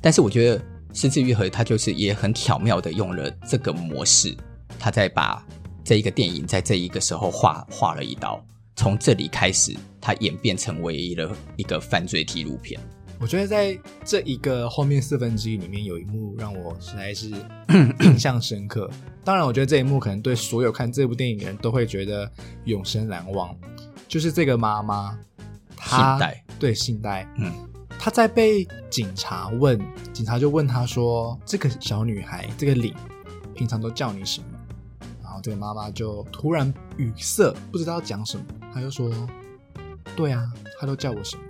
但是我覺得是枝裕和，他就是也很巧妙的用了這個模式，他在把這一個電影在這一個時候畫畫了一刀。從這裡開始，它演變成唯一的一個犯罪紀錄片。我覺得在這一個後面四分之一裡面，有一幕讓我實在是 印象深刻。當然，我覺得這一幕可能對所有看這部電影的人都會覺得永生難忘，就是這個媽媽，她信代對信代，嗯，她在被警察問，警察就問她說：“這個小女孩，這個玲，平常都叫你什麼？”對，媽媽就突然語塞，不知道要講什麼。她就說：“對啊，她都叫我什麼？”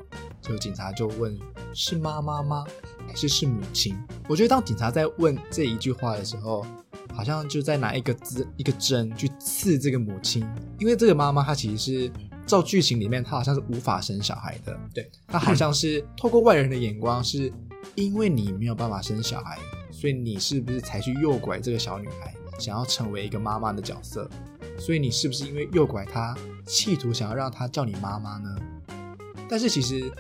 就警察就問：“是媽媽嗎？還是是母親？”我覺得當警察在問這一句話的時候，好像就在拿一個針，一個針去刺這個母親。因為這個媽媽她其實是，照劇情裡面她好像是無法生小孩的。對、嗯、她好像是透過外人的眼光是，是因為你沒有辦法生小孩。所以你是不是才去誘拐這個小女孩，想要成為一個媽媽的角色？所以你是不是因為誘拐她，企圖想要讓她叫你媽媽呢？但是其實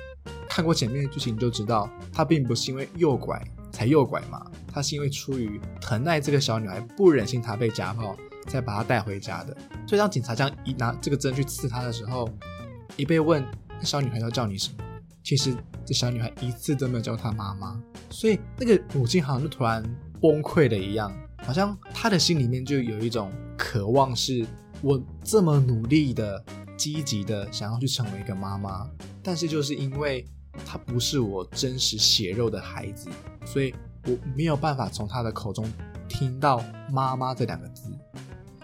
看過前面的劇情，就知道，她並不是因為誘拐才誘拐嘛，她是因為出於疼愛這個小女孩，不忍心她被家暴，才把她帶回家的。所以當警察將一拿這個針去刺她的時候，一被問，那小女孩要叫你什麼？其實這小女孩一次都沒有叫她媽媽，所以那個母親好像就突然崩潰了一樣，好像她的心裡面就有一種渴望，是我這麼努力的、積極的想要去成為一個媽媽，但是就是因為她不是我真實血肉的孩子，所以我沒有辦法從她的口中聽到“媽媽”這兩個字。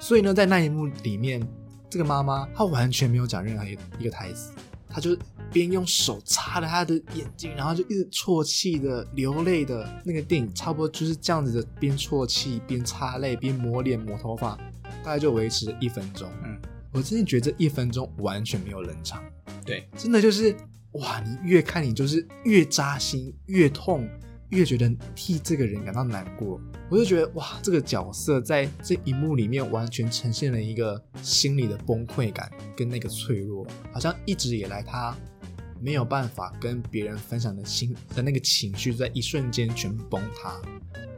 所以呢，在那一幕裡面，這個媽媽她完全沒有講任何一個台詞，她就……邊用手擦着他的眼睛，然後就一直啜泣的流淚的那個電影，差不多就是這樣子的：邊啜泣、邊擦淚、邊抹臉、抹頭髮，大概就維持了一分鐘。嗯，我真的覺得這一分鐘完全沒有冷場，對，真的就是哇！你越看你就是越扎心、越痛、越覺得替這個人感到難過。我就覺得哇，這個角色在這一幕裡面完全呈現了一個心理的崩潰感跟那個脆弱，好像一直以來他。沒有辦法跟別人分享的心的那個情緒，在一瞬間全部崩塌。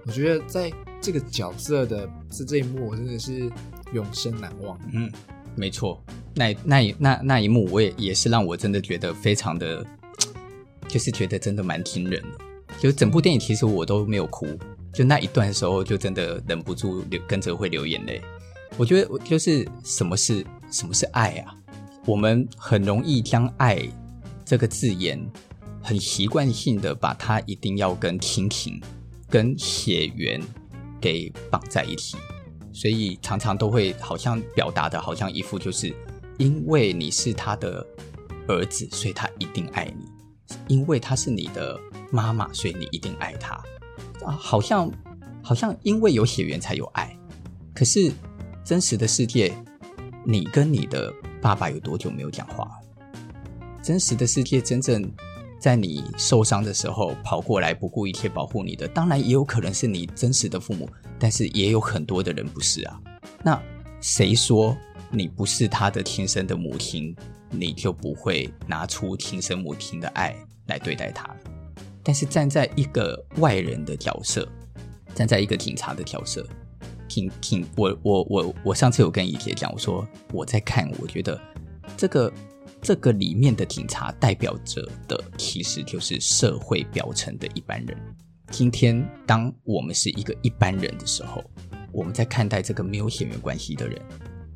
我覺得在這個角色的是這一幕，我真的是永生難忘。嗯，沒錯，那那那那一幕，我也也是讓我真的覺得非常的，就是覺得真的蠻驚人的。就整部電影，其實我都沒有哭，就那一段時候，就真的忍不住流跟着會流眼淚。我覺得，我就是什麼是什麼是愛啊？我們很容易將愛這個字眼，很習慣性的把它一定要跟親情、跟血緣給綁在一起，所以常常都會好像表達的，好像一副就是，因為你是他的兒子，所以他一定愛你；因為他是你的媽媽，所以你一定愛他。啊，好像好像因為有血緣才有愛。可是真實的世界，你跟你的爸爸有多久沒有講話？真實的世界，真正在你受傷的時候跑過來不顧一切保護你的，當然也有可能是你真實的父母，但是也有很多的人不是啊。那誰說你不是他的親生的母親，你就不會拿出親生母親的愛來對待他？但是站在一個外人的角色，站在一個警察的角色，警警，我我我我上次有跟怡姐講，我說我在看，我覺得這個。這個裡面的警察代表着的，其實就是社會表層的一般人。今天，當我們是一個一般人的時候，我們在看待這個沒有血緣關係的人，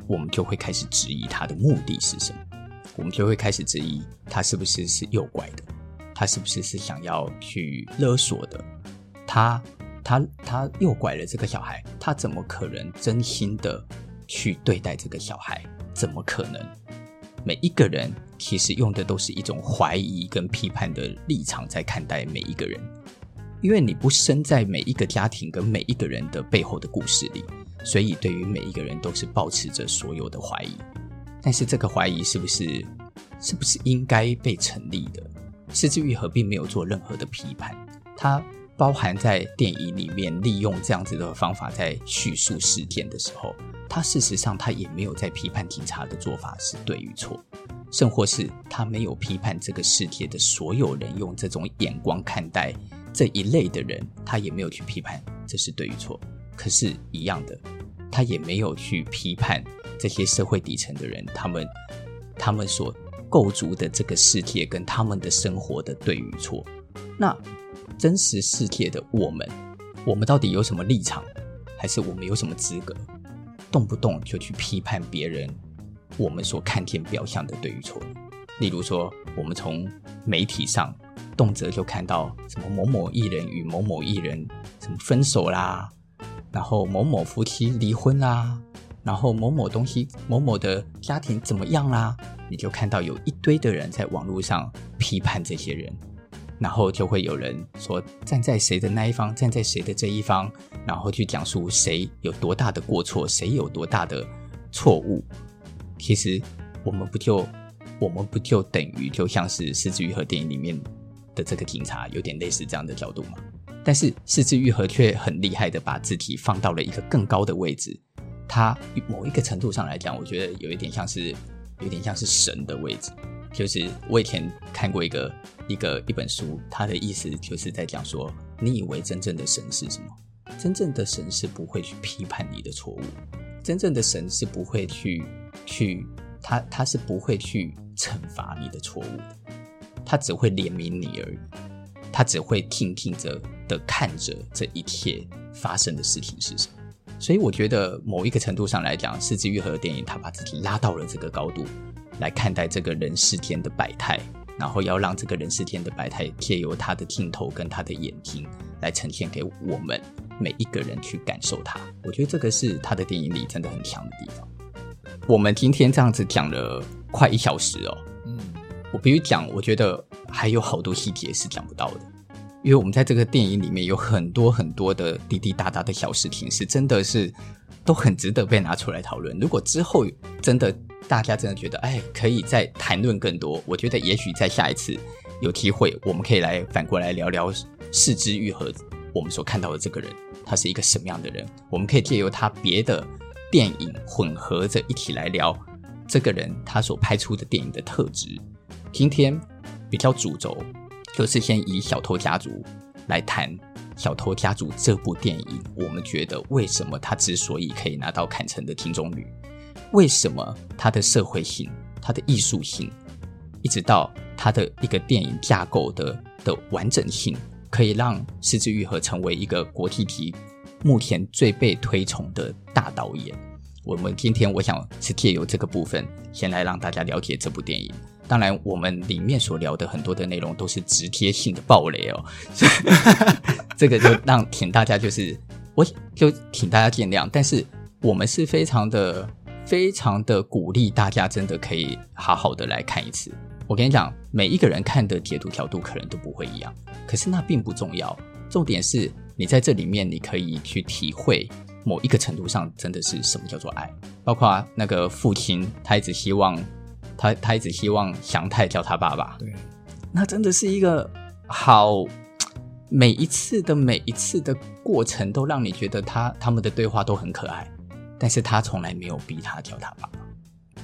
我們就會開始質疑他的目的是什麼，我們就會開始質疑他是不是是誘拐的，他是不是是想要去勒索的，他他他誘拐了這個小孩，他怎麼可能真心的去對待這個小孩？怎麼可能？每一個人其實用的都是一種懷疑跟批判的立場在看待每一個人，因為你不生在每一個家庭跟每一個人的背後的故事裡，所以對於每一個人都是保持着所有的懷疑。但是這個懷疑是不是是不是應該被成立的？是枝裕和並沒有做任何的批判，它包含在電影裡面利用這樣子的方法在敘述事件的時候。他事實上，他也沒有在批判警察的做法是對與錯，甚或是他沒有批判這個世界的所有人用這種眼光看待這一類的人，他也沒有去批判這是對與錯。可是，一樣的，他也沒有去批判這些社會底層的人，他們他們所構築的這個世界跟他們的生活的對與錯。那真實世界的我們，我們到底有什麼立場？還是我們有什麼資格？動不動就去批判別人，我們所看見表象的對與錯。例如說，我們從媒體上動輒就看到什麼某某藝人與某某藝人什麼分手啦，然後某某夫妻離婚啦，然後某某東西某某的家庭怎麼樣啦，你就看到有一堆的人在網絡上批判這些人。然後就會有人說站在誰的那一方，站在誰的這一方，然後去講述誰有多大的過錯，誰有多大的錯誤。其實我們不就我們不就等於就像是是枝裕和電影裡面的這個警察有點類似這樣的角度嗎？但是是枝裕和卻很厲害的把自己放到了一個更高的位置。它某一個程度上來講，我覺得有一點像是有點像是神的位置。就是我以前看過一個一個一本書，他的意思就是在講說，你以為真正的神是什麼？真正的神是不會去批判你的錯誤，真正的神是不會去去他他是不會去懲罰你的錯誤的，他只會憐憫你而已，他只會聽聽着的看着這一切發生的事情是什麼。所以我覺得某一個程度上來講，是枝裕和的電影，他把自己拉到了這個高度，來看待這個人世間的百態，然後要讓這個人世間的百態借由他的鏡頭跟他的眼睛來呈現給我們每一個人去感受他。我覺得這個是他的電影裡真的很強的地方。我們今天這樣子講了快一小時哦，嗯，我必須講，我覺得還有好多細節是講不到的。因為我們在這個電影裡面有很多很多的滴滴答答的小事情，是真的是都很值得被拿出來討論。如果之後真的大家真的覺得，哎，可以再談論更多，我覺得也許在下一次有機會，我們可以來反過來聊聊是枝裕和我們所看到的這個人，他是一個什麼樣的人？我們可以借由他別的電影混合着一起來聊這個人他所拍出的電影的特質。今天比較主軸。就是先以《小偷家族》來談《小偷家族》這部電影，我們覺得為什麼他之所以可以拿到坎城的金棕櫚，為什麼它的社會性、它的藝術性，一直到它的一個電影架構的的完整性，可以讓是枝裕和成為一個國際級目前最被推崇的大導演。我們今天我想是借由這個部分，先來讓大家了解這部電影。當然，我們裡面所聊的很多的內容都是直接性的暴雷哦， 這個就讓請大家就是，我就請大家見諒。但是我們是非常的、非常的鼓勵大家，真的可以好好的來看一次。我跟你講，每一個人看的解讀角度可能都不會一樣，可是那並不重要。重點是你在這裡面，你可以去體會某一個程度上，真的是什麼叫做愛，包括那個父親，他一直希望。他他一直希望祥太叫他爸爸，對，那真的是一個好。每一次的每一次的過程，都讓你覺得他他們的對話都很可愛。但是他從來沒有逼他叫他爸爸，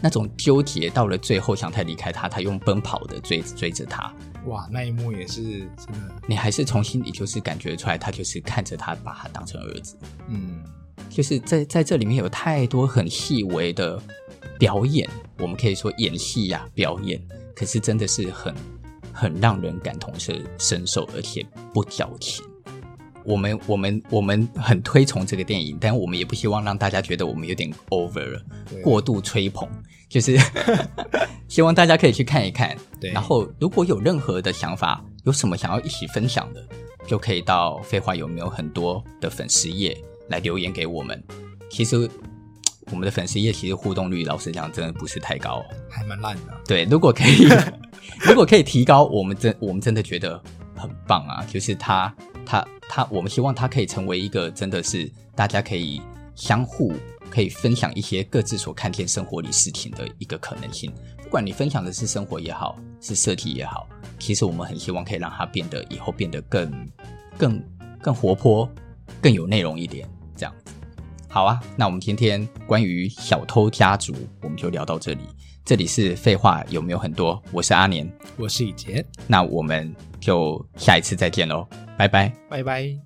那種糾結到了最後，祥太離開他，他用奔跑的追追着他，哇，那一幕也是真的。你還是從心裡就是感覺出來，他就是看着他，把他當成兒子。嗯，就是在在這裡面有太多很細微的。表演，我們可以說演戲呀、啊，表演。可是真的是很很讓人感同身身受，而且不矯情。我們我們我們很推崇這個電影，但我們也不希望讓大家覺得我們有點 over 了對過度吹捧。就是 希望大家可以去看一看。對然後如果有任何的想法，有什麼想要一起分享的，就可以到廢話有沒有很多的粉絲頁來留言給我們。其實。我們的粉絲頁其實互動率，老實講，真的不是太高哦，還蠻爛的。對，如果可以，如果可以提高，我們真我們真的覺得很棒啊！就是它，它，它，我們希望它可以成為一個真的是大家可以相互可以分享一些各自所看見生活裡事情的一個可能性。不管你分享的是生活也好，是設計也好，其實我們很希望可以讓它變得以後變得更更更活潑，更有內容一點，這樣子。好啊，那我們今天關於小偷家族，我們就聊到這裡。這裡是廢話有沒有很多？我是阿年，我是以杰，那我們就下一次再見嘍，拜拜，拜拜。